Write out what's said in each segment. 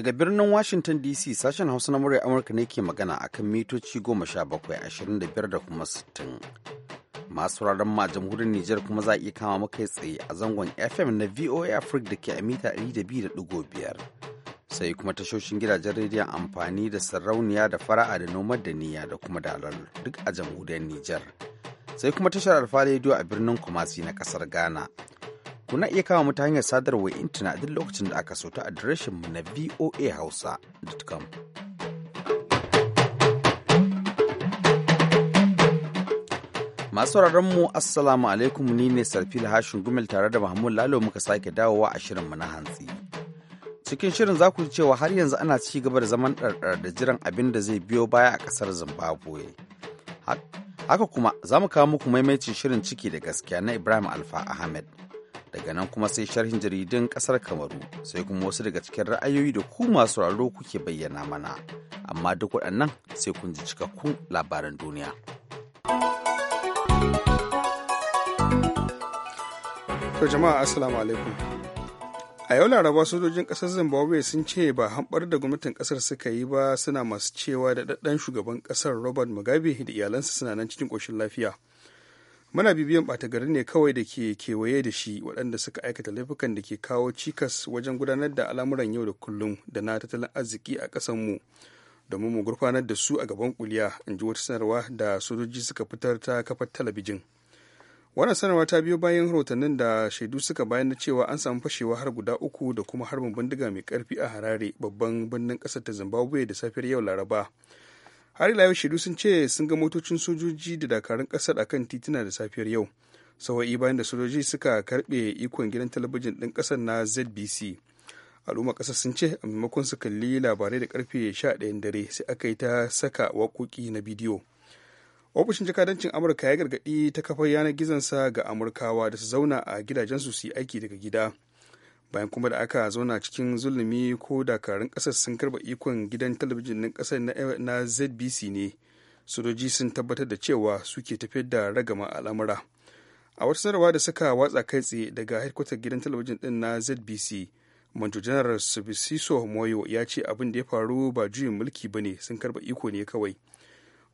Daga birnin Washington DC sashen Hausa na murya Amurka ne ke magana a kan mitoci 17,25 da kuma 60. Masu raron ma jamhuriyar Nijar kuma za a iya kama makai tsaye a zangon FM na VOA Africa da ke a mita 200.5. Sai kuma tashoshin gidajen rediyon amfani da sarauniya da fara'a da nomar da niyya da kuma dalar duk a jamhuriyar Nijar. Sai kuma tashar Alfa a birnin Kumasi na kasar Ghana. ku na iya kama mu ta hanyar sadarwar intanet duk lokacin da aka so ta mu na voahausa.com. Masu mu Assalamu alaikum ni ne Sarfil Hashin Gumel tare da Mahmud Lalo muka sake dawowa a shirin mu na hantsi. Cikin shirin za ku cewa har yanzu ana ci gaba da zaman ɗarɗar da jiran abin da zai biyo baya a ƙasar Zimbabwe. Haka kuma za mu kawo muku maimaicin shirin ciki da gaskiya na Ibrahim Alfa Ahmed. daga nan kuma sai sharhin jaridun kasar kamaru sai kuma wasu daga cikin ra'ayoyi da ku masu raro kuke bayyana mana amma duk waɗannan sai kun ji cikakkun labaran duniya to jama'a assalamu alaikum a yau laraba sojojin ƙasar zimbabwe sun ce ba hambar da gwamnatin ƙasar suka yi ba suna masu cewa da ɗaɗɗan shugaban ƙasar robert mugabe da iyalansa suna nan cikin ƙoshin lafiya muna bibiyan ɓata gari ne kawai da ke kewaye da shi waɗanda suka aikata laifukan da ke kawo cikas wajen gudanar da al'amuran yau da kullum da na tattalin arziki a ƙasanmu domin mu gurfanar da su a gaban kuliya in ji wata sanarwa da sojoji suka fitar ta kafar talabijin wannan sanarwa ta biyo bayan rahotannin da shaidu suka bayan na cewa an samu fashewa har guda uku da kuma harbin bindiga mai karfi a harare babban birnin ƙasar ta zimbabwe da safiyar yau laraba har ila yau shaidu sun ce sun ga motocin sojoji da dakarun kasar kan titina da safiyar yau sawa'i bayan da sojoji suka karbe ikon gidan talabijin ɗin ƙasar na zbc al'umma ƙasar sun ce a maimakon su kalli labarai da karfe 11 dare sai aka yi ta saka waƙoƙi na bidiyo ofishin jakadancin amurka ya gargaɗi ta kafar yanar gizonsa ga amurkawa da su zauna a gidajensu su yi aiki daga gida bayan kuma da aka zauna cikin zulumi ko dakarun kasar sun karba ikon gidan talabijin ɗin kasar na zbc ne sojoji sun tabbatar da cewa suke tafiyar da ragama al'amura a wata sanarwa da suka watsa kai tsaye daga hedkwatar gidan talabijin din na zbc manjo janar subisiso moyo ya ce abin da ya faru ba juyin mulki ba ne sun karba iko ne kawai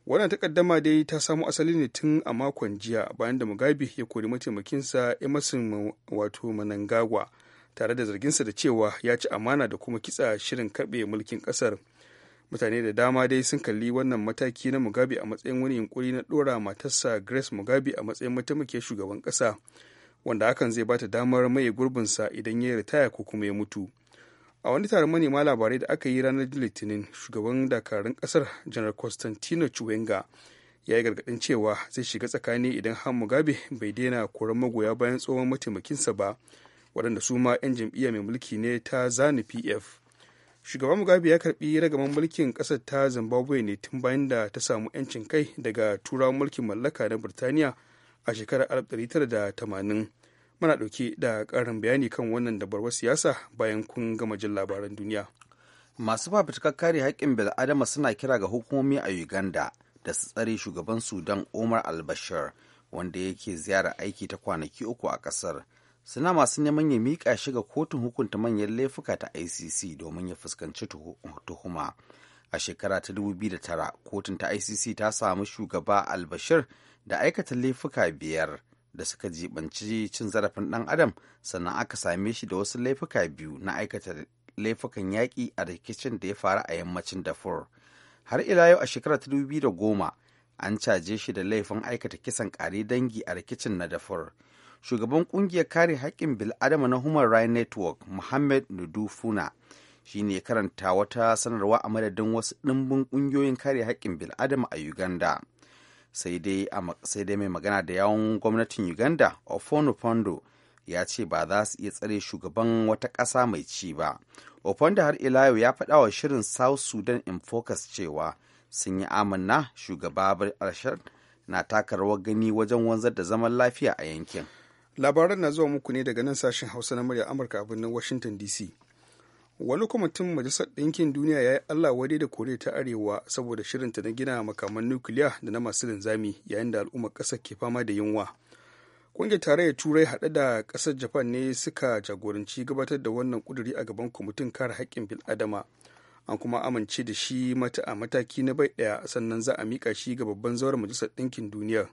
wannan takaddama dai ta samo asali ne tun a makon jiya bayan da mugabe ya kori mataimakinsa emerson wato manangagwa tare da zargin sa da cewa ya ci amana da kuma kitsa shirin kaɓe mulkin ƙasar mutane da dama dai sun kalli wannan mataki na mugabe a matsayin wani yunkuri na ɗora matarsa grace mugabe a matsayin mataimakiyar shugaban ƙasa wanda hakan zai bata damar maye gurbinsa idan ya ritaya ko kuma ya mutu a wani taron manema labarai da aka yi ranar litinin shugaban dakarun kasar janar constantino chiwenga ya yi gargadin cewa zai shiga tsakani idan han mugabe bai daina koran magoya bayan tsohon mataimakinsa ba waɗanda su ma 'yan jam'iyya mai mulki ne ta zani pf shugaban mugabe ya karbi ragaman mulkin ƙasar ta zimbabwe ne tun bayan da ta samu 'yancin kai daga turawan mulkin mallaka na birtaniya a shekarar 1980 muna ɗauke da ƙarin bayani kan wannan dabarwar siyasa bayan kun gama jin labaran duniya masu fafutukar kare haƙƙin bil'adama suna kira ga hukumomi a uganda da su tsare shugaban sudan omar albashir wanda yake ziyara aiki ta kwanaki uku a ƙasar suna masu neman ya miƙa shi ga kotun hukunta manyan laifuka ta icc domin ya fuskanci tuhuma a shekara ta 2009 kotun ta icc ta samu shugaba albashir da aikata laifuka biyar da suka jibanci cin zarafin ɗan adam sannan aka same shi da wasu laifuka biyu na aikata laifukan yaƙi a rikicin da ya faru a yammacin dafur har ila yau a shekarar ta goma an caje shi da laifin aikata kisan ƙare dangi a rikicin na dafur shugaban kungiyar kare haƙƙin bil'adama na human rights network muhammad nudufuna shi ne karanta wata sanarwa a madadin wasu ɗimbin ƙungiyoyin kare haƙƙin bil'adama a uganda sai dai mai magana da yawon gwamnatin uganda ofono ofonofondo ya ce ba za su iya tsare shugaban wata ƙasa mai ci ba ofondo har ila yau ya faɗa wa shirin south sudan in focus cewa sun yi amanna shugaba na taka rawar gani wajen wanzar da zaman lafiya a yankin labaran na zuwa muku ne daga nan sashen hausa na murya amurka a birnin washington dc wani kwamitin majalisar ɗinkin duniya ya yi allah wade da koriya ta arewa saboda shirinta na gina makaman nukiliya da na masu linzami yayin da al'ummar ƙasar ke fama da yunwa ƙungiyar tarayyar turai haɗe da ƙasar japan ne suka jagoranci gabatar da wannan ƙuduri a gaban kwamitin kare haƙƙin bil'adama an kuma amince da shi mata a mataki na bai ɗaya sannan za a miƙa shi ga babban zauren majalisar ɗinkin duniyar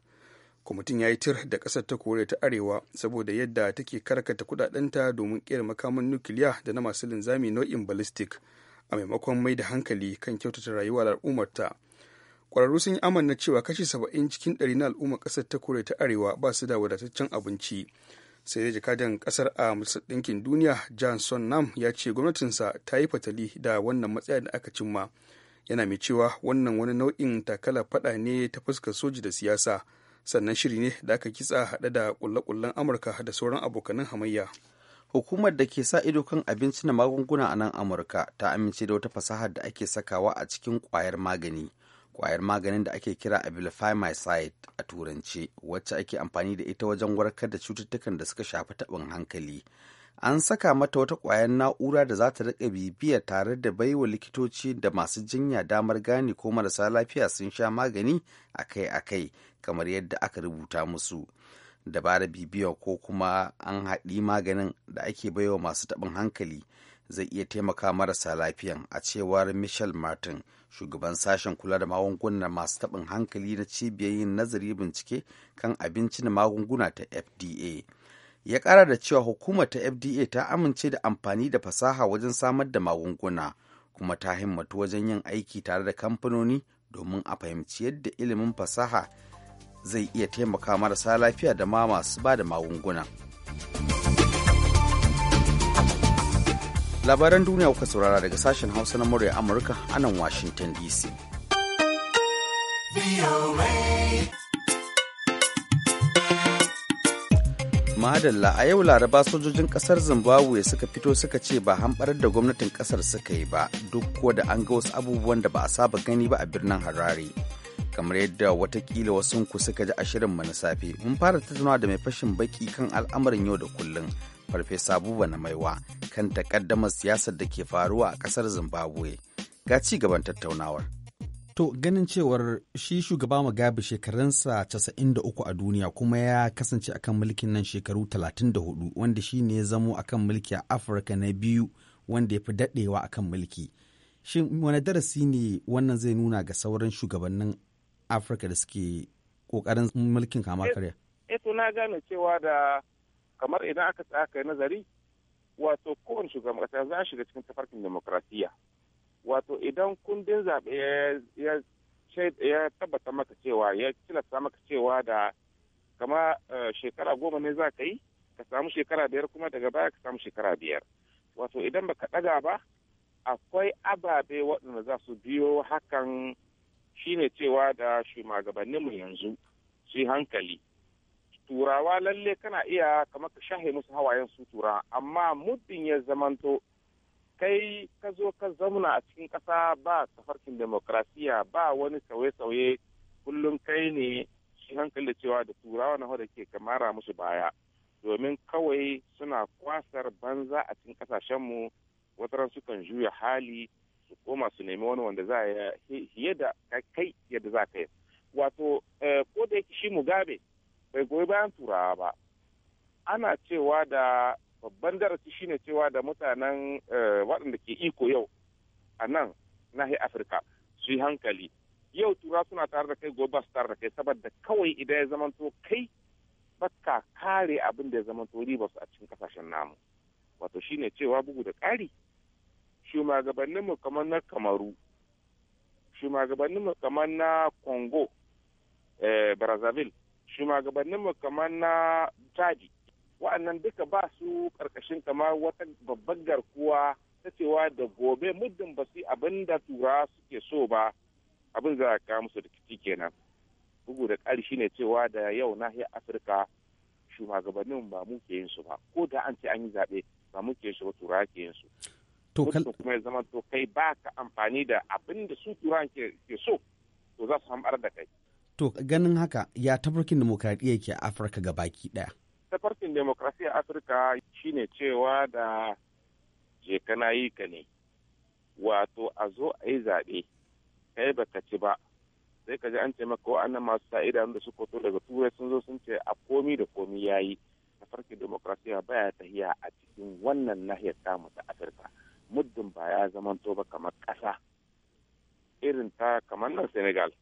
kwamitin ya yi tir da ƙasar ta koriya ta arewa saboda yadda take karkata kudadenta domin ƙera makaman nukiliya da na masu linzami nau'in ballistic a maimakon mai da hankali kan kyautata rayuwar al'ummarta ƙwararru sun yi amanna cewa kashi saba'in cikin ɗari na al'ummar ƙasar ta koriya ta arewa ba su da wadataccen abinci sai dai jakadan ƙasar a majalisar ɗinkin duniya johnson nam ya ce gwamnatinsa ta yi fatali da wannan matsaya da aka cimma yana mai cewa wannan wani nau'in takala faɗa ne ta fuskar soji da siyasa sannan shiri ne da aka kitsa haɗe da ƙulle-ƙullen amurka da sauran abokanan hamayya hukumar da ke sa ido kan abinci na magunguna a nan amurka ta amince da wata fasahar da ake sakawa a cikin kwayar magani ƙwayar maganin da ake kira abilifimicide a turance wacce ake amfani da ita wajen warkar da cututtukan da suka shafi taɓin hankali an saka mata wata ƙwayar na'ura da za ta riƙa bibiya tare da baiwa likitoci da masu jinya damar gane ko marasa lafiya sun sha magani akai-akai kamar yadda aka rubuta musu dabara bibiya ko kuma an haɗi maganin da ake baiwa masu taɓin hankali zai iya taimaka marasa lafiyan a cewar michel martin shugaban sashen kula da magungunan masu taɓin hankali na cibiyar nazari bincike kan abinci da magunguna ta fda ya ƙara da cewa hukumar ta fda ta amince da amfani da fasaha wajen samar da magunguna kuma ta himmatu wajen yin aiki tare da kamfanoni domin a fahimci yadda ilimin fasaha zai iya taimaka marasa lafiya da ma masu ba da magunguna. Labaran duniya kuka saurara daga sashen Hausa na murya Amurka a nan Washington DC. Madalla a yau laraba sojojin kasar Zimbabwe suka fito suka ce ba hamɓarar da gwamnatin kasar suka yi ba duk kuwa da an ga wasu abubuwan da ba a saba gani ba a birnin Harare. kamar yadda watakila wasu ku suka ji a shirin na safe mun fara tattaunawa da mai fashin baki kan al'amarin yau da kullum farfesa buba na maiwa kan takaddamar siyasar da ke faruwa a kasar zimbabwe ga ci gaban tattaunawar to ganin cewar shi shugaba mugabe shekarunsa 93 a duniya kuma ya kasance akan mulkin nan shekaru 34 wanda shi ne zamo akan mulki a afirka na biyu wanda ya fi daɗewa akan mulki shin wani darasi ne wannan zai nuna ga sauran shugabannin afirka da suke kokarin mulkin kama karya eh, eh to na gane cewa da kamar idan aka tsaka kai nazari wato kowane shugaban kasa za a shiga cikin tafarkin demokrasiya wato idan kundin zaɓe ya ya tabbata maka cewa ya tilasta maka cewa da kama eh, shekara goma ne za ka yi ka samu shekara biyar kuma daga baya ka samu shekara biyar wato idan baka ɗaga ba akwai ababe waɗanda za su biyo hakan shine cewa da shugabanninmu yanzu su yi hankali turawa lalle kana iya kamar ka shahe musu hawayen su tura amma muddin ya zamanto kai ka zo ka zauna a cikin ƙasa ba tafarkin demokrasiya ba wani sauye-sauye kullum kai ne shi hankali da cewa da turawa na da ke kamara musu baya domin kawai suna kwasar banza a cikin ƙasashenmu wataran sukan juya hali ko koma su nemi wani wanda za a fiye da kai yadda za ka yi wato eh, ko da yake shi mugabe bai goyi bayan turawa ba ana cewa da babban darasi shine cewa da mutanen eh, waɗanda ke iko yau a nan na nahiyar afirka su yi hankali yau tura suna tare da kai gobe ba su tare da kai saboda kawai idan ya zamanto kai baka kare abin da ya zamanto riba su a cikin kasashen namu wato shine cewa bugu da ƙari shugabanninmu kamar na kamaru shugabanninmu kamar na congo eh, brazzaville shugabanninmu kamar na chadi wa'annan duka ba su karkashin kamar wata babbar garkuwa ta cewa da gobe muddin ba su abin da tura suke so ba abin za a kawo musu rikici kenan bugu da ƙari shine cewa da yau nahiyar afirka shugabannin ba mu ke yin su ba ko da an ce an yi zaɓe ba mu ke yin su ba tura ke yin su to kuma ya zama to kai ba ka amfani da abin da su turan ke so to za su hambar da kai to ganin haka ya tafarkin demokradiyya ke afirka ga baki daya tafarkin demokrasiya afirka shine cewa da je kana yi ka ne wato a zo a yi zaɓe kai ba ka ci ba sai ka ji an ce maka wa'annan masu sa idanu da suka to daga turai sun zo sun ce a komi da komi ya yi tafarkin demokrasiya baya tahiya a cikin wannan nahiyar tamu ta afirka muddin ba ya zamanto ba kamar ƙasa irin ta kamar nan senegal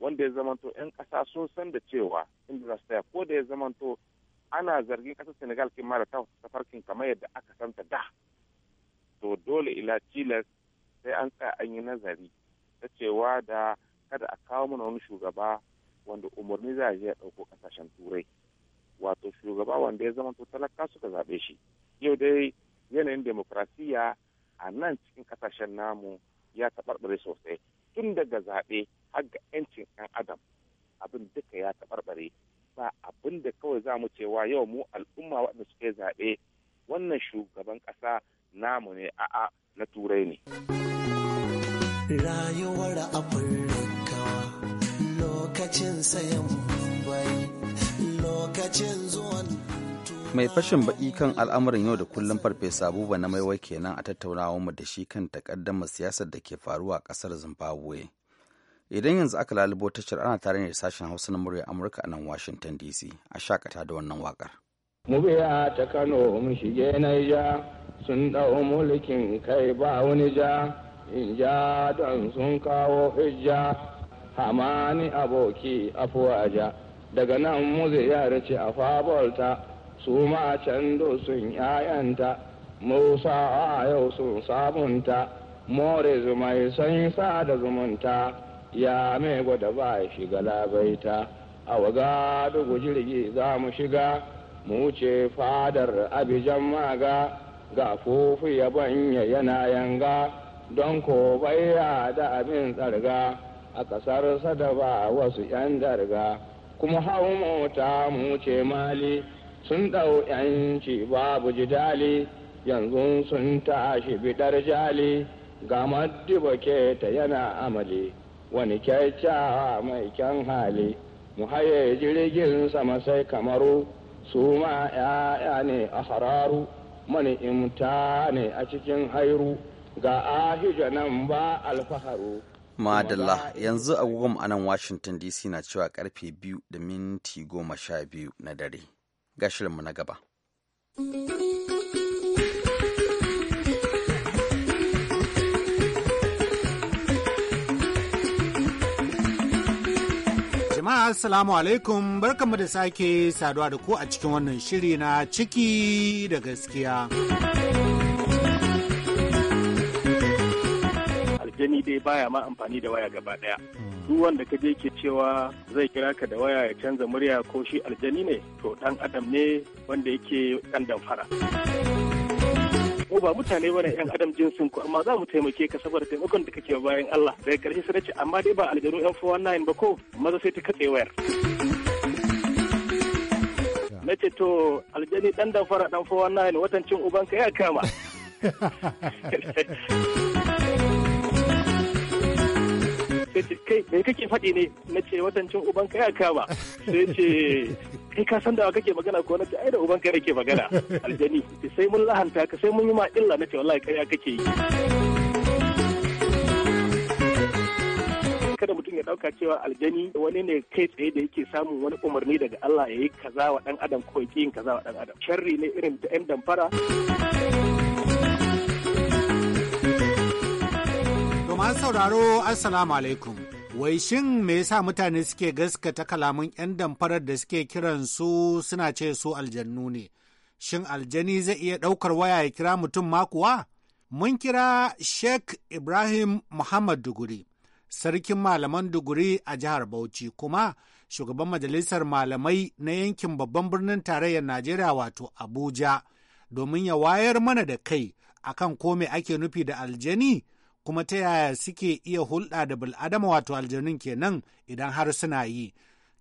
wanda ya zamanto 'yan ƙasa sun san da cewa inda za su taya ko da ya zamanto ana zargin ƙasar senegal kin mara ta tafarkin kamar yadda aka santa da to dole ila tilas sai an tsaya an yi nazari ta cewa da kada a kawo mana wani shugaba wanda umarni za a je a ɗauko ƙasashen turai wato shugaba wanda ya zamanto talaka suka zaɓe shi yau dai yanayin demokrasiya a nan cikin kasashen namu ya taɓarɓare sosai tun daga zaɓe har ga 'yancin 'yan adam abin duka ya taɓarɓare ba abin da kawai za mu cewa yau mu al'umma waɗanda suke zaɓe wannan shugaban ƙasa namu ne a'a na turai ne. Rayuwar lokacin sayan lokacin zuwan mai fashin baki kan al'amuran yau da kullum farfesa abubuwa na maiwai kenan a mu da shi kan takaddamar siyasar da ke faruwa a kasar zimbabwe idan yanzu aka lalubo tashar ana tare da sashen hausa na murya amurka a nan washington dc a shakata da wannan wakar mubiya ta kano mu shige ja sun dau mulkin kai ba wani ja in ja sun kawo hijja hamani aboki afuwa ja daga nan mu ce a fabolta su ma can sun ‘ya'yanta, Musa a yau sun sabunta, more zumai san sa da zumunta, ya mai gwada ba shiga labaita, a waga dugu jirgi za mu shiga, mu ce fadar abijan maga, ga fufu ya banya yana yanga, don ko baya da abin tsarga, a ƙasar da ba wasu ‘yan darga, kuma hau mota mu ce mali. sun ɗau ‘yanci babu jidali yanzu sun tashi biɗar jali ga maddiba ta yana amali wani kyakkyawa mai kyan hali mu haye jirgin sama sai kamaru su ma ‘ya'ya ne a hararu mani imta ne a cikin hairu ga ahijo nan ba alfaharu Madalla yanzu agogon a nan Washington DC na cewa karfe biyu da minti goma sha biyu na dare. ga shirinmu na gaba. Jama'a Assalamu alaikum barkanmu da sake saduwa da ku a cikin wannan shiri na ciki da gaskiya. gani dai baya ma amfani da waya gaba daya hmm. duk wanda ka je ke cewa zai kira ka da waya ya canza murya ko shi aljani ne to dan adam ne wanda yake dan damfara Ko ba mutane bane yan adam jinsin ku amma za mu taimake ka saboda taimakon da kake bayan Allah daga karshe sai ce amma dai ba aljanu yan 419 ba ko maza sai ta katse wayar na ce to aljani dan damfara dan 419 watan cin ubanka ya kama sai ce kai me kake faɗi ne na ce watancin uban kai aka ba sai ce kai ka san da kake magana ko na ce ai da uban kai nake magana aljani sai mun lahanta ka sai mun yi ma illa na ce wallahi kai kake yi kada mutum ya dauka cewa aljani wani ne kai tsaye da yake samun wani umarni daga Allah ya yi kaza wa dan adam ko ya yin kaza wa dan adam sharri ne irin ta yan damfara To sauraro Assalamu alaikum. Wai shin me yasa mutane suke gaskata kalaman 'yan damfarar da suke kiran su suna ce su aljannu ne? Shin aljani zai iya ɗaukar waya ya kira mutum makuwa Mun kira Sheikh Ibrahim Muhammad Duguri, sarkin malaman Duguri a jihar Bauchi kuma shugaban majalisar malamai na yankin babban birnin tarayyar Najeriya wato Abuja, domin ya wayar mana da kai akan ko me ake nufi da aljani kuma ta yaya suke iya hulɗa da bil'adama wato aljanun kenan idan har suna yi.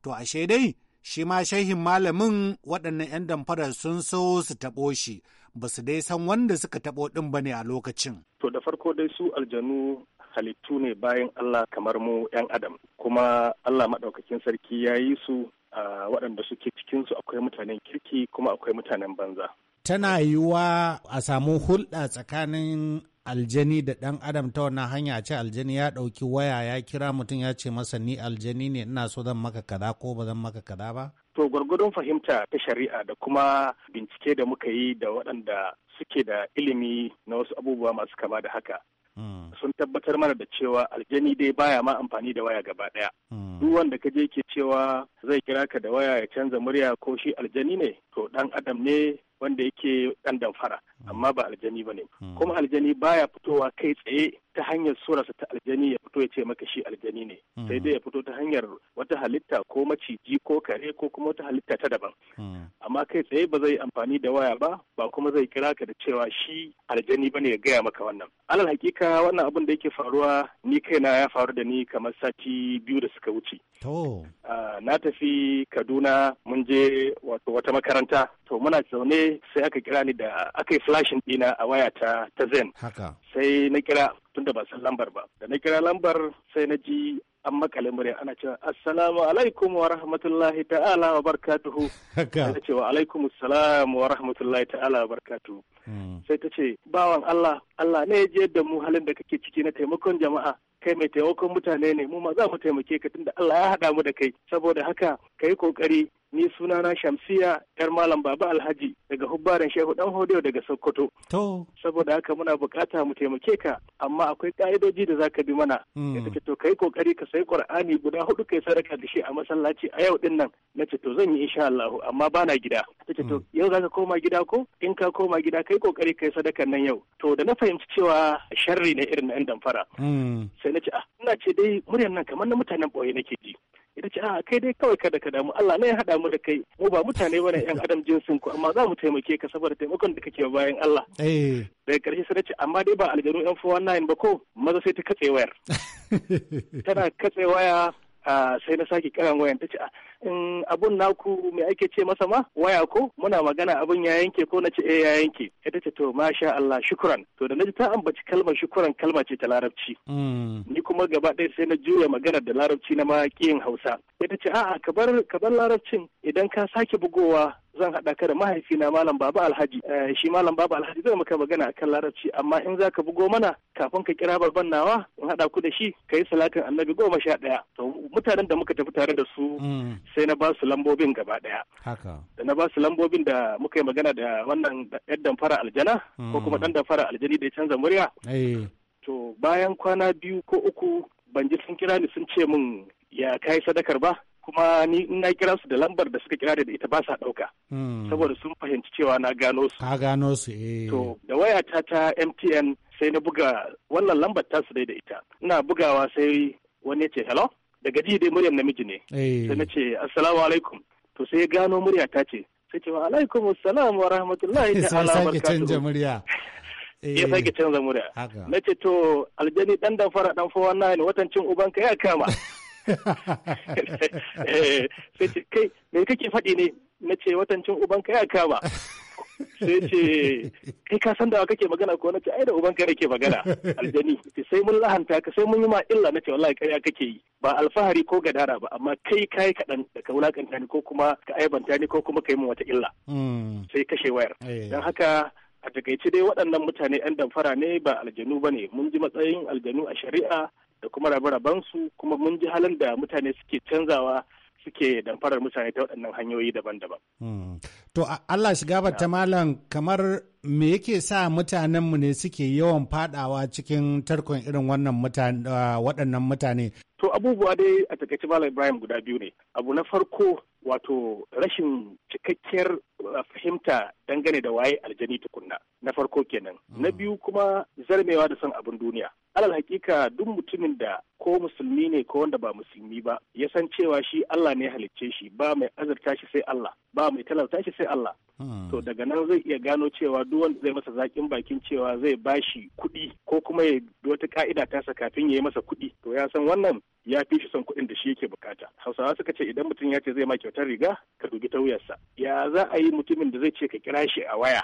To ashe dai shi ma shehin malamin waɗannan 'yan damfara sun so su taɓo shi ba su dai san wanda suka taɓo ɗin ba ne a lokacin. To da farko dai su aljanu halittu ne bayan Allah kamar mu 'yan adam kuma Allah maɗaukakin sarki ya yi su a waɗanda suke cikinsu akwai mutanen kirki kuma akwai mutanen banza. tana yiwuwa a samu hulɗa tsakanin aljani da ɗan adam ta wannan hanya ce aljani ya ɗauki waya ya kira mutum ya ce masa ni aljani ne ina so zan maka kaza ko ba zan maka kaza ba? To gwargwadon fahimta ta shari'a da kuma bincike da muka yi da waɗanda suke da ilimi na wasu abubuwa masu kama da haka. Hmm. Sun tabbatar mana da cewa aljani dai baya ma amfani da waya gaba ɗaya. Hmm. Duk wanda ka je ke cewa zai kira ka da waya ya canza murya ko shi aljani ne to ɗan adam ne wanda yake ɗan damfara amma ba aljani ba ne hmm. kuma aljani baya fitowa kai tsaye ta hanyar surarsa ta aljani ya fito ya ce maka shi aljani ne hmm. sai dai ya fito ta hanyar wata halitta ko maciji ko kare ko kuma wata halitta ta daban hmm. amma kai tsaye ba zai amfani da waya ba ba kuma zai kira ka da cewa shi aljani ba ne ya gaya maka wannan alal hakika wannan abin da yake faruwa ni kaina ya faru da ni kamar sati biyu da suka wuce To. Ah, na tafi Kaduna mun je wato wata makaranta. To muna zaune sai aka kira ni da aka yi flashin ɗina a waya ta ta Zen. Haka. Sai na kira da ba san lambar ba. Da na kira lambar sai na ji an makale murya ana cewa assalamu alaikum wa rahmatullahi ta'ala wa barakatuhu sai ta ce alaikum salamu wa rahmatullahi ta'ala wa barakatuhu hmm. sai ta ce bawan Allah Allah ne ya je da mu halin da kake ciki na taimakon jama'a kai mai taimakon mutane ne mu ma za mu taimake ka tunda Allah ya haɗa mu da kai saboda haka ka yi ƙoƙari ni na Shamsiya yar Malam Baba Alhaji daga Hubbaren Shehu Dan Hodeo daga Sokoto. To. Saboda haka muna bukata mu taimake ka amma akwai ka'idoji da zaka bi mana. Hmm. Ya ce to kai kokari ka sai Qur'ani guda hudu kai sadaka da shi a masallaci a yau din nan. Na ce to zan yi insha Allah amma bana gida. Ta to hmm. yau zaka koma gida ko in ka koma gida kai kokari kai sadakan nan yau. To da na fahimci cewa sharri ne irin na damfara. Hmm. Sai sai na ce ah ina ce dai muryan nan kamar na mutanen ɓoye nake ji ita ce a ah, kai dai kawai kada ka damu Allah ne ya haɗa mu da kai mu ba mutane bane yan adam jinsin ku amma za mu taimake ka saboda taimakon da kake bayan Allah eh. daga ƙarshe sai ce amma dai ba aljanu yan 419 ba ko maza sai ta katse wayar tana katse waya ah, sai na sake kiran wayan ta ce ah, in abun naku mai ake ce masa ma waya ko muna magana abun ya yanke ko na ce eh ya yanke ita ce to masha Allah shukran to da na ji ta ambaci kalmar shukran kalma ce ta larabci hmm. ni kuma gaba ɗaya sai na juya magana da larabci na ma Hausa ita ce a'a ka bar ka bar larabcin idan ka sake bugowa zan haɗa ka da mahaifina malam baba alhaji eh, shi malam baba alhaji zai maka magana akan larabci amma in za ka bugo mana kafin ka kira babban nawa in haɗa ku da shi ka yi salatin annabi goma sha ɗaya to mutanen da muka tafi tare da su hmm. sai na ba su lambobin gaba daya da na ba su lambobin da muka yi magana da wannan yan damfara aljana ko kuma dan mm. fara aljani da ya canza murya eh. to bayan kwana biyu ko uku ban ji sun kira ni sun ce min ya kai sadakar ba kuma ni in na kira su da lambar da suka kira da ita ba sa ɗauka. Mm. Saboda sun fahimci cewa na gano su. Ka gano su eh. To da wayata ta MTN sai na buga wannan lambar ta su da ita. Ina bugawa sai wani ce hello daga ji dai muryar namiji ne eh. sai na ce assalamu alaikum to sai ya gano murya ta ce sai ce alaikum assalam wa rahmatullahi ta ala sai canja murya ya sake canza murya na ce to aljani dan dan fara dan fowa na ne watan cin ubanka ya kama eh, sai ce kai me kake faɗi ne na ce watan cin ubanka ya kama sai ce kai ka san da kake magana ko nace ai da uban kai nake magana aljani sai mun lahanta ka sai mun yi ma illa nace wallahi ƙarya kake yi ba alfahari ko gadara ba amma kai kai kaɗan da ka wulakanta ni ko kuma ka aibanta ni ko kuma ka yi wata illa hmm. sai kashe wayar eh. dan haka a takaice dai waɗannan mutane 'yan damfara ne ba aljanu ba ne mun ji matsayin aljanu a shari'a da kuma rabe raben su kuma mun ji halin da mutane suke canzawa suke damfarar mutane ta waɗannan hanyoyi daban-daban. Hmm. To Allah shiga ta malam kamar me yake sa mutanen mutanenmu ne suke yawan fadawa cikin tarkon irin wannan ah, waɗannan mutane? To abubuwa dai a takaice malam Ibrahim guda biyu ne. Abu na farko wato rashin cikakkiyar ah, fahimta dangane da waye aljani tukunna na farko kenan. Na hmm. biyu kuma zarmewa da son abin duniya. alal hakika duk mutumin da ko musulmi ne ko wanda ba musulmi ba ya san cewa shi Allah ne halicce shi ba mai azurta shi sai Allah ba mai talauta shi sai Allah hmm. to daga nan zai iya gano cewa duk wanda zai masa zakin bakin cewa zai bashi kuɗi ko kuma ya wata ka'ida tasa kafin ya yi masa kuɗi to ya san wannan ya fi shi son kuɗin da shi yake bukata hausawa suka ce idan mutum ya ce zai ma kyautar riga ka dubi ta wuyarsa ya za a yi mutumin da zai ce ka kira shi a waya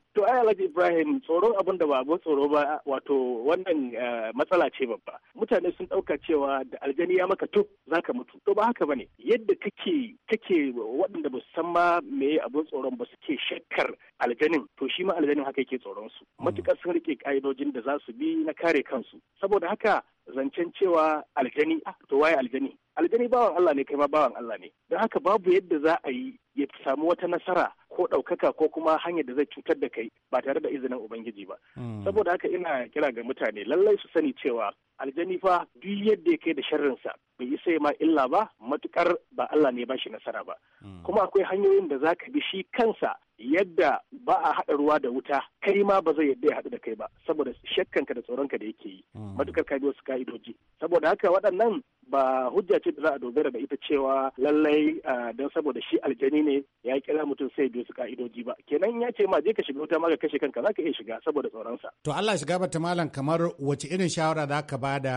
to ai alhaji ibrahim tsoron abin da ba abin tsoro ba wato wannan eh, matsala ce babba mutane sun ɗauka cewa da aljani ya maka to zaka mutu to ba haka ne yadda kake kake waɗanda ba su san ma me abin tsoron ba suke shakkar aljanin to shi ma aljanin haka yake tsoron su mm. matukar sun rike ka'idojin da za su bi na kare kansu saboda haka zancen cewa aljani ah, to waye aljani aljani bawan Allah ne kai ma bawan Allah ne don haka babu yadda za a yi ya samu wata nasara ko ɗaukaka ko kuma hanyar da zai cutar da kai ba tare da izinin ubangiji ba hmm. saboda haka ina kira ga mutane lallai su sani cewa aljani fa duk yadda ya kai da sharrinsa bai yi sai ma illa ba matukar ba Allah ne ba shi nasara ba hmm. kuma akwai hanyoyin da za ka bi shi kansa yadda ba a haɗa ruwa da wuta kai ma ba zai yadda ya haɗu da kai ba saboda shakkanka da tsoronka da yake yi hmm. matukar ka biyo su ka'idoji saboda haka waɗannan ba hujja ce da za a dogara da ita cewa lallai don saboda shi aljani ne ya kira mutum sai biyo su ka'idoji ba kenan ya ce ma je ka shiga wuta ma ka kashe kanka za ka iya shiga saboda tsoronsa. to Allah shiga bata malam kamar wace irin shawara za ka ba da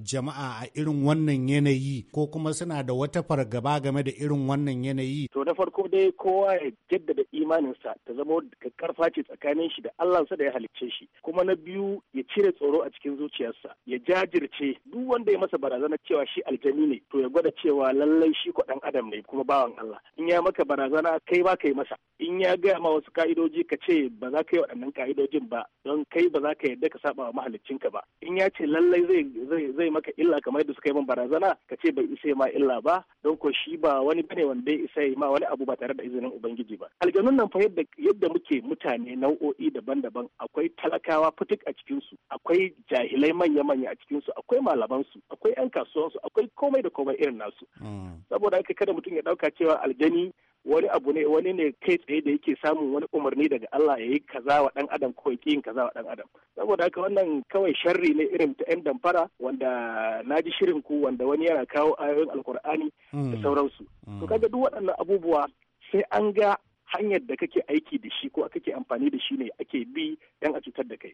jama'a a irin wannan yanayi ko kuma suna da wata fargaba game da irin wannan yanayi. to na farko dai kowa ya jaddada imani imaninsa ta zama karfa ce tsakanin shi da Allahnsa da ya halicce shi kuma na biyu ya cire tsoro a cikin zuciyarsa ya jajirce duk wanda ya masa barazana cewa shi aljani ne to ya gwada cewa lallai shi ko dan adam ne kuma bawan Allah in ya maka barazana kai ba kai masa in ya gaya ma wasu ka'idoji ka ce ba za ka yi waɗannan ka'idojin ba don kai ba za ka yarda ka saba wa mahaliccinka ba in ya ce lallai zai zai zai maka illa kamar da suka yi min barazana ka ce bai isa ma illa ba don ko shi ba wani bane wanda ya isa ma wani abu ba tare da izinin ubangiji ba aljanun nan fa yadda yadda muke mutane nau'o'i daban-daban akwai talakawa fitik a cikinsu akwai jahilai manya-manya a cikinsu akwai malamansu akwai 'yan kasuwansu akwai komai da komai irin nasu hmm. saboda haka kada mutum ya ɗauka cewa aljani wani abu ne wani ne kai tsaye da yake samun wani umarni daga Allah ya yi kaza wa dan adam ko yake yin kaza wa dan adam saboda haka wannan kawai sharri ne irin ta yan damfara wanda na ji shirin ku wanda wani yana kawo ayoyin alkur'ani da hmm. sauransu to hmm. kaga duk waɗannan abubuwa sai an ga hanyar da kake aiki da shi ko kake amfani da shi ne ake bi don a cutar da kai.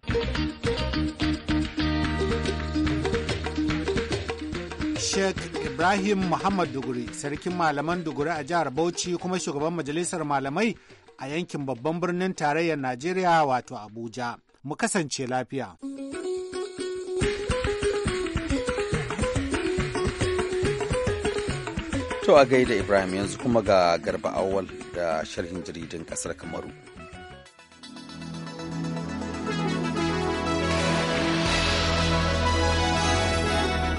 Sheikh Ibrahim Muhammad Duguri, sarkin malaman Duguri a jihar Bauchi kuma shugaban majalisar malamai a yankin babban birnin tarayyar Najeriya wato Abuja. Mu kasance lafiya. To a gaida Ibrahim yanzu kuma ga garba awal da sharhin jaridin kasar Kamaru.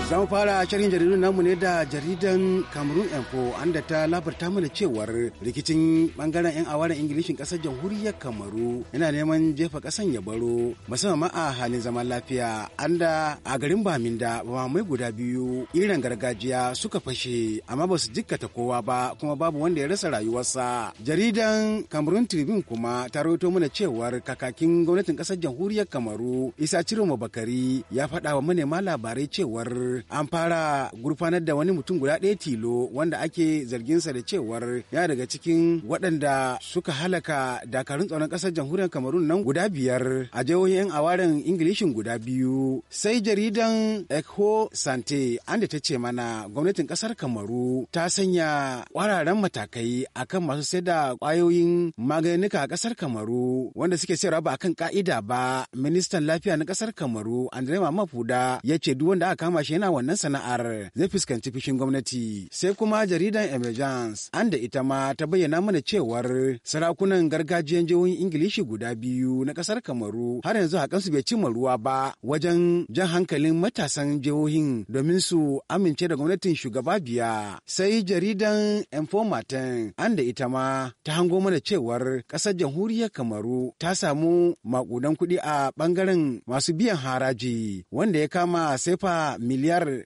Za mu fara shirin jaridun namu ne da jaridan Cameroon Info anda ta labarta mana cewar rikicin bangaren 'yan awaren Ingilishin kasar jamhuriyar Kamaru yana neman jefa kasan ya baro musamman ma a halin zaman lafiya anda a garin Baminda ba mai guda biyu irin gargajiya suka fashe amma ba su jikkata kowa ba kuma babu wanda ya rasa rayuwarsa. Jaridan Cameroon Tribune kuma ta rawaito mana cewar kakakin gwamnatin kasar jamhuriyar Kamaru Isa Ciro Bakari ya faɗa wa manema labarai cewar an fara gurfanar da wani mutum guda ɗaya tilo wanda ake zarginsa da cewar ya daga cikin waɗanda suka halaka dakarun tsaron ƙasar jamhuriyar kamarun nan guda biyar a jihohin awaren ingilishin guda biyu sai jaridan echo sante an da ta ce mana gwamnatin ƙasar kamaru ta sanya ƙwararren matakai akan masu sayar da ƙwayoyin maganinuka a ƙasar kamaru wanda suke sayarwa ba akan ka'ida ba ministan lafiya na ƙasar kamaru andre mamafuda ya ce duk wanda aka kama shi yana yana wannan sana'ar zai fuskanci fishin gwamnati sai kuma jaridan emergence an da ita ma ta bayyana mana cewar sarakunan gargajiyan jihohin ingilishi guda biyu na kasar kamaru har yanzu hakansu bai cimma ruwa ba wajen jan hankalin matasan jihohin domin su amince da gwamnatin shugaba biya sai jaridan informatin an da ita ma ta hango mana cewar kasar jamhuriyar kamaru ta samu makudan kuɗi a bangaren masu biyan haraji wanda ya kama sefa miliyar miliyar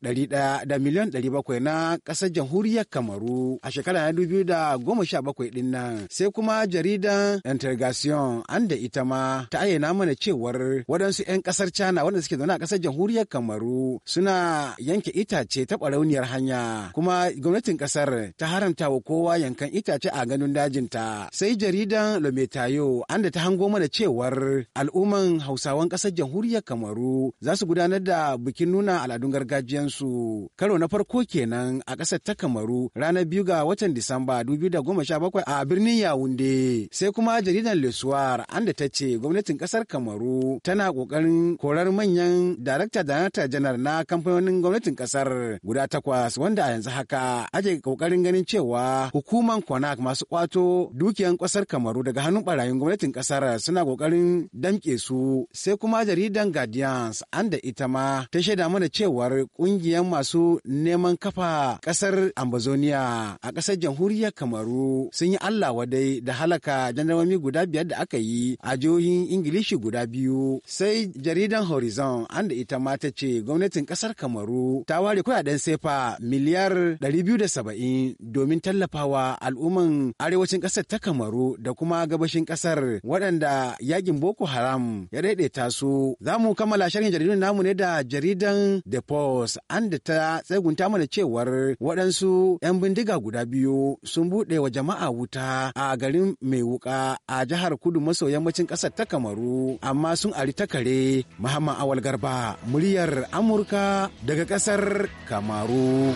100 da miliyan 700 na ƙasar jamhuriyar Kamaru a shekara na 2017 din nan. Sai kuma jaridan Intergation an da ita ma ta ayyana mana cewar waɗansu 'yan ƙasar China waɗanda suke zaune a ƙasar jamhuriyar Kamaru suna yanke itace ta ɓarauniyar hanya kuma gwamnatin ƙasar ta haramta wa kowa yankan itace a ganin dajinta. Sai jaridan Lometayo an da ta hango mana cewar al'umman Hausawan ƙasar jamhuriyar Kamaru za su gudanar da bikin nuna al'adun gargajiya gargajiyansu. Karo na farko kenan a ƙasar ta Kamaru ranar biyu ga watan Disamba 2017 a birnin Yawunde. Sai kuma jaridar Lesuwar an da ta ce gwamnatin ƙasar Kamaru tana ƙoƙarin korar manyan darakta nata janar na kamfanonin gwamnatin ƙasar guda takwas wanda a yanzu haka aje ƙoƙarin ganin cewa hukuman Konak masu kwato dukiyan ƙasar Kamaru daga hannun barayin gwamnatin ƙasar suna ƙoƙarin damƙe su. Sai kuma jaridan Guardians an da ita ma ta shaida mana cewar ƙungiyar masu neman kafa ƙasar Ambazonia a ƙasar jamhuriya Kamaru sun yi Allah wadai da halaka jandarmomi guda biyar da aka yi a jihohin Ingilishi guda biyu. Sai jaridan Horizon an da ita ma ta ce gwamnatin ƙasar Kamaru ta ware kuɗaɗen sefa miliyar 270 domin tallafawa al'umman arewacin ƙasar ta Kamaru da kuma gabashin ƙasar waɗanda yakin Boko Haram ya daidaita su. Za mu kammala sharhin jaridun namu ne da jaridan The Post. Jos an da ta tsegunta mana cewar waɗansu 'yan bindiga guda biyu sun buɗe wa jama'a wuta a garin mai wuka a jihar kudu maso yammacin ƙasar ta Kamaru amma sun ari ta kare Muhammad Awal Garba muryar Amurka daga ƙasar Kamaru.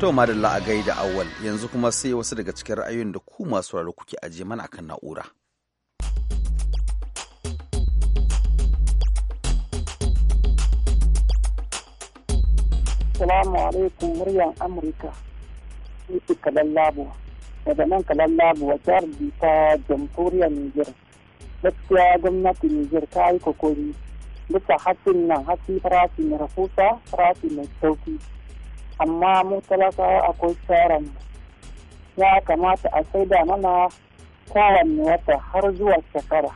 To madalla a gaida awal yanzu kuma sai wasu daga cikin ra'ayoyin da ku masu kuke ajiye mana akan na'ura. Assalamu alaikum muryan Amurka. Isi kalan labu. Daga nan kalan labu a jihar Bita jamhuriyar Nijar. Gaskiya gwamnatin Nijar ta yi kokori. Bisa hatsin nan hasi farafi mai rahusa farafi mai sauki. Amma mu talakawa akwai tsaron ya kamata a saida mana kowanne wata har zuwa shekara.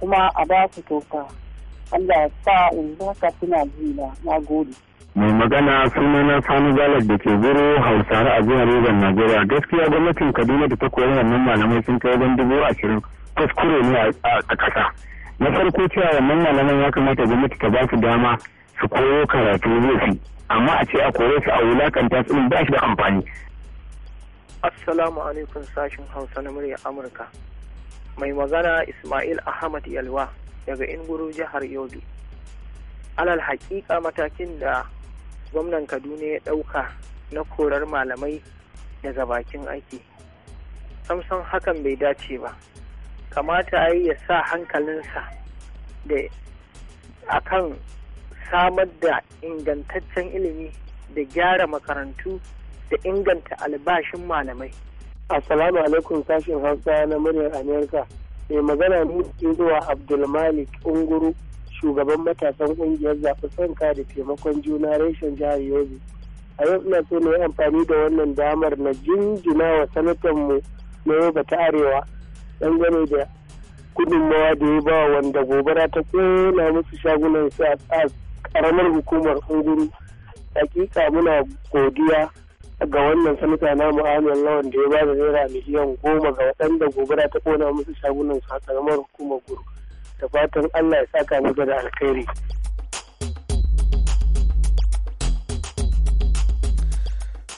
Kuma a ba su toka. Allah ya sa in haka suna jina. na gode. mai magana sunana sani galak da ke zuro hausare a jihar yoban najeriya gaskiya gwamnatin kaduna da ta koyar wannan malamai sun kai wajen dubu ashirin kuskure ne a kasa na farko cewa wannan malaman ya kamata gwamnati ta ba su dama su koyo karatu zai amma a ce a koyo su a wulakanta su ba shi da amfani assalamu alaikum sashin hausa na murya amurka mai magana ismail ahmad yalwa daga inguru jihar yobe alal haƙiƙa matakin da gwamnan kaduna ya ɗauka na korar malamai daga bakin aiki samson hakan bai dace ba kamata a yi ya sa hankalinsa da akan samar da ingantaccen ilimi da gyara makarantu da inganta albashin malamai assalamu alaikum sashen hausa na muryar amerika mai magana ne zuwa abdulmalik unguru shugaban matasan ƙungiyar son ka da taimakon juna reshen jihar yobe a yau ina so na yi amfani da wannan damar na jinjina wa mu na yobe ta arewa dangane da gudunmawa da ya ba wanda gobara ta kona musu shagunan su a karamar hukumar unguru hakika muna godiya ga wannan sanata na mu'amil lawan da ya ba da naira miliyan goma ga waɗanda gobara ta kona musu shagunan su a karamar hukumar guru da fatan Allah ya saka maka da alkhairi.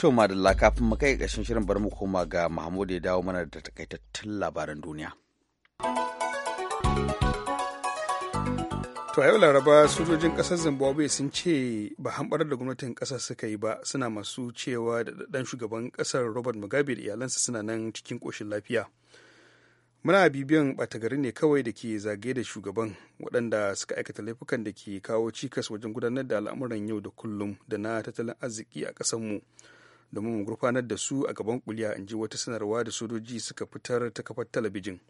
To madalla kafin mu kai ƙarshen shirin bar mu koma ga Mahmud ya dawo mana da takaitattun labaran duniya. To yau Laraba sojojin ƙasar Zimbabwe sun ce ba hamɓar da gwamnatin ƙasar suka yi ba suna masu cewa da ɗan shugaban ƙasar Robert Mugabe da iyalansa suna nan cikin ƙoshin lafiya. muna bibiyan ɓata gari ne kawai da ke zagaye da shugaban waɗanda suka aikata laifukan da ke kawo cikas wajen gudanar da al'amuran yau da kullum da na tattalin arziki a ƙasarmu domin mu gurfanar da su a gaban kuliya in ji wata sanarwa da sojoji suka fitar ta kafar talabijin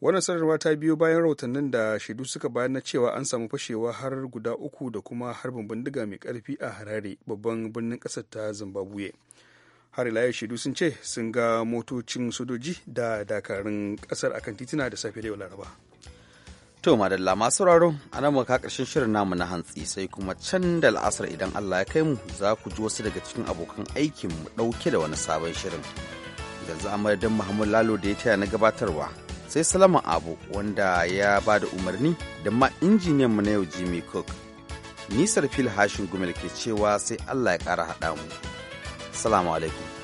wannan sanarwa ta biyo bayan rahotannin da shaidu suka bayar na cewa an samu fashewa har guda uku da kuma harbin bindiga mai karfi a harare babban birnin ƙasar ta zimbabwe har ila shaidu sun ce sun ga motocin sojoji da dakarun kasar akan titina da safe da yau laraba to madalla masu sauraro a nan muka karshen shirin namu na hantsi sai kuma can da la'asar idan allah ya kai mu za ku ji wasu daga cikin abokan aikin mu ɗauke da wani sabon shirin yanzu amadadin muhammad lalo da ya taya na gabatarwa sai salama abu wanda ya ba da umarni da ma injiniyan mu na yau jimmy cook nisar fil hashin gumel ke cewa sai allah ya kara haɗa mu Salamu alaikum.